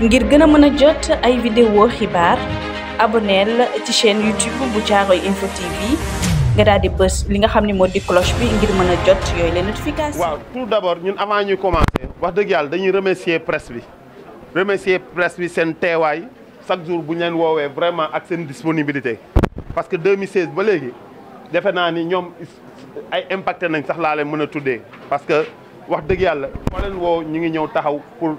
ngir gëna mëna mën jot ay vidéo xibaar abonnel ci chaîne YouTube bu Caaroy info TV nga daal di bës li nga xam ne moo di cloche bi ngir mën a jot yooyu les notifications. waaw tout d'abord ñun avant ñuy commencer wax dëgg yàlla dañuy remercier presse bi remercier presse bi seen teewaay chaque jour bu ñu leen woowee vraiment ak seen disponibilité. parce que 2016 ba léegi defe naa ni ñoom ay impacté nañ sax laa leen mën a tuddee parce que wax dëgg yàlla boo leen woo ñu ngi ñëw taxaw pour.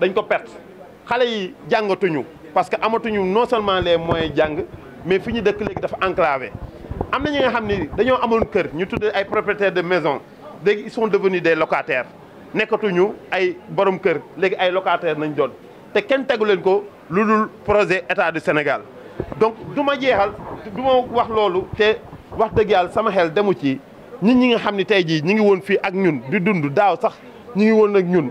dañ ko perte xalé yi jàngatuñu parce que amatuñu non seulement les moyens jang mais fiñu ñu dëkk léegi dafa enclavé amna ñi nga xamni ni dañoo amoon kër ñu tuddee ay propriétaires de maison léegi ils sont devenus des locataires nekkatuñu ay borom kër légui ay locataires nañ doon té kenn tegu ko lu projet état du Sénégal donc duma jéxal duma wax loolu té wax dëgg yàlla sama xel demu ci nit ñi nga xamni tay ji ñi ngi won fi ak ñun di dund daaw sax ñi ngi won ak ñun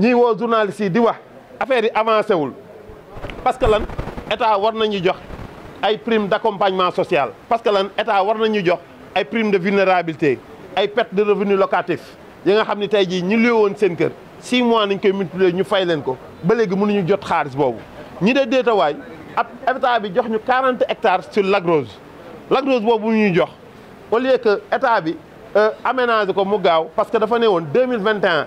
les journalistes disent yi di wax affaire yi avancé wul parce que l'État a war jox ay prime d'accompagnement social parce que l'État état jox ay prime de vulnérabilité ay perte de revenus locatifs. yi nga xam ne tey jii ñu seen six mois nous koy fait. ñu fay leen ko ba léegi mënuñu jot xaalis boobu ñi dee déetawaay ab état bi jox ñu 40 hectares sur l'agrose. L'agrose Lac Rose jox au lieu que état bi euh, aménagé ko mu gaaw parce qu'il dafa ne woon 2021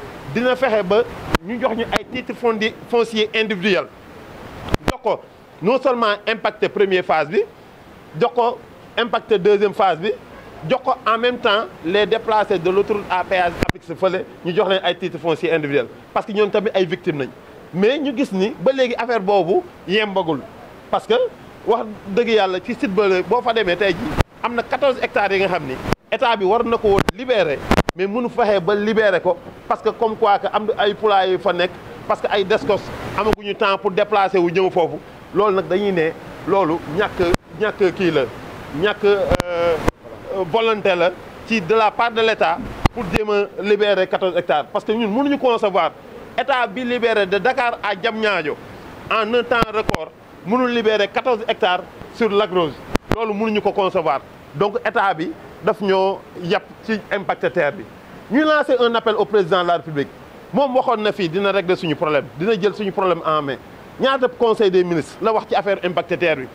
dina fexe ba ñu jox ñu ay titre foncier individuel jox ko non seulement impacté première phase bi jox ko impacté deuxième phase bi jox ko en même temps les déplacer de l'autre à péage apix feulé ñu jox leen ay titre foncier individuel, parce que ñoon tamit ay victimes nañ mais ñu gis ni ba légui affaire bobu yembagul parce que wax deug yalla ci site ba bo fa démé tay ji amna 14 hectares yi nga xamni état bi war na ko libérer mais mënu fexe ba libérer ko parce que comme quoi que am ay poulay fa nek parce que ay descos amaguñu temps pour déplacer wu ñëw fofu loolu nak dañuy né loolu ñak ñak ki la ñàkk euh, volonté la ci de la part de l'État pour jéem libérer 14 hectares parce que ñun mënuñu concevoir état bi libéré de Dakar à Diamniadio en un temps record mënul libérer 14 hectares sur Lac Rose loolu mënuñu ko concevoir donc état bi daf ñoo yap ci impact terre bi ñu lancer un appel au président de la république moom waxoon na fi dina régler suñu problème dina jël suñu problème en main de conseil des ministres la wax ci affaire impacté terre bi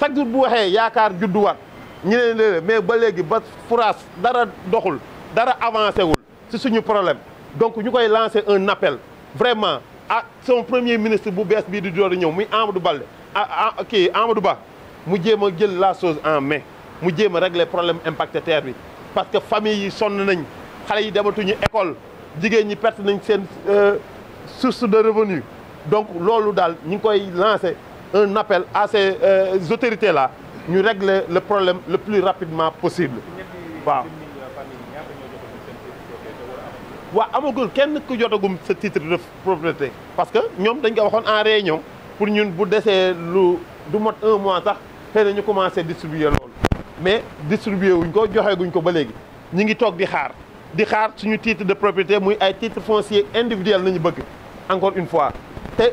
chaque jour bu waxé yaakar juddu wat. ne leen mais ba légui ba furaas dara doxul dara avancé wul C'est suñu problème donc ñukoy lancer un appel vraiment à son premier ministre bu bees bi di door ñew muy Amadou Baldé ah kii Amadou Ba mu jéem jël la chose en main mu jéem régler problème impacté terre bi parce que famille yi sonn nañ xalé yi dematuñu école jigéen ñi perte nañ seen euh, source de revenu donc loolu d'Al ñi koy lancer un appel à ces euh, autorités là ñu régler le problème le plus rapidement possible waaw waaw amagul kenn ku jotagum ce titre de propriété parce que ñom dañ ko waxoon en réunion pour ñun bu déssé lu du mot un mois sax xëy na ñu commencé distribuer loolu mais distribuer wuñ ko joxeeguñ ko ba légui ñi ngi tok di xaar di xaar suñu titre de propriété muy ay titre foncier individuel nañu bëgg encore une fois te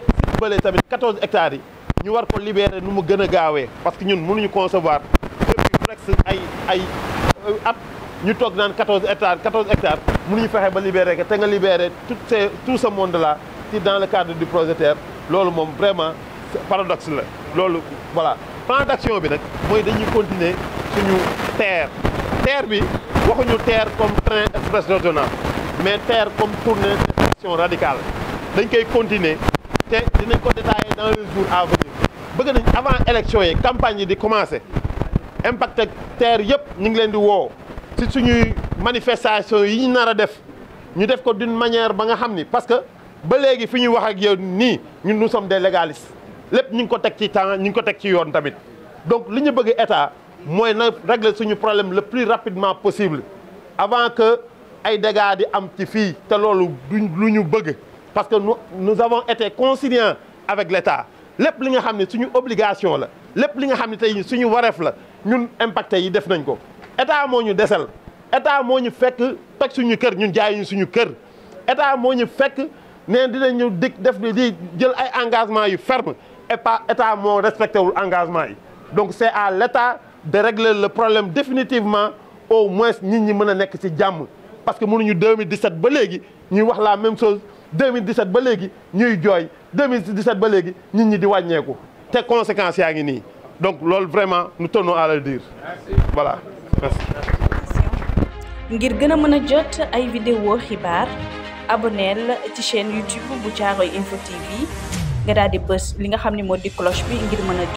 si 14 hectares nous ñu war libérer nous mu gën parce que ñun mënuñu concevoir depuis presque ay ay 14 euh, hectares 14 hectares mënuñu fexe ba libérer que te nga libérer tout ce tout ce monde là qui dans le cadre du projet terre, loolu vraiment paradoxe la loolu voilà plan d'action bi nag mooy dañuy continuer suñu terre terre, bi waxuñu terre comme train express régional mais terre comme tournée d'action radicale dañ koy continuer te dinañ ko détailler dans les jours à venir avant élection la campagne a commencé. commencer impact terre, nous ñu ngi leen di woo manifestation yi ñu d'une manière ba nga parce que ba nous fi nous sommes des légalistes lépp ñu ngi ko teg ci temps ñu ngi ko ci yoon tamit donc li ñu état mooy na régler suñu problème le plus rapidement possible avant que ay dégâts di am ci duñ parce que nous nous avons été conciliants avec l'État les li nga une suñu obligation la lépp li nga xam ne tey suñu wareef la ñun impacté yi def nañ ko état moo ñu desal état moo ñu fekk toj suñu kër ñun jaay ñu suñu kër état moo ñu fekk ne dinañu dig def di jël ay engagement ferme et pas état moo respecté wul engagement donc c'est à l'état de régler le problème définitivement au moins nit ñi mën nek ci jamm parce que mënuñu 2017 ba légui ñuy wax la même chose 2017 ba légui ñuy joy 2017 ba légui nit ñi di wàññeeku té conséquences yaa ngi nii donc lool vraiment nous tenons à le dire voilà merci. ngir gëna mëna mën jot ay vidéo xibar abonnel ci chaîne YouTube bu info TV nga daal di bëss li nga xamni ne di cloche bi ngir mëna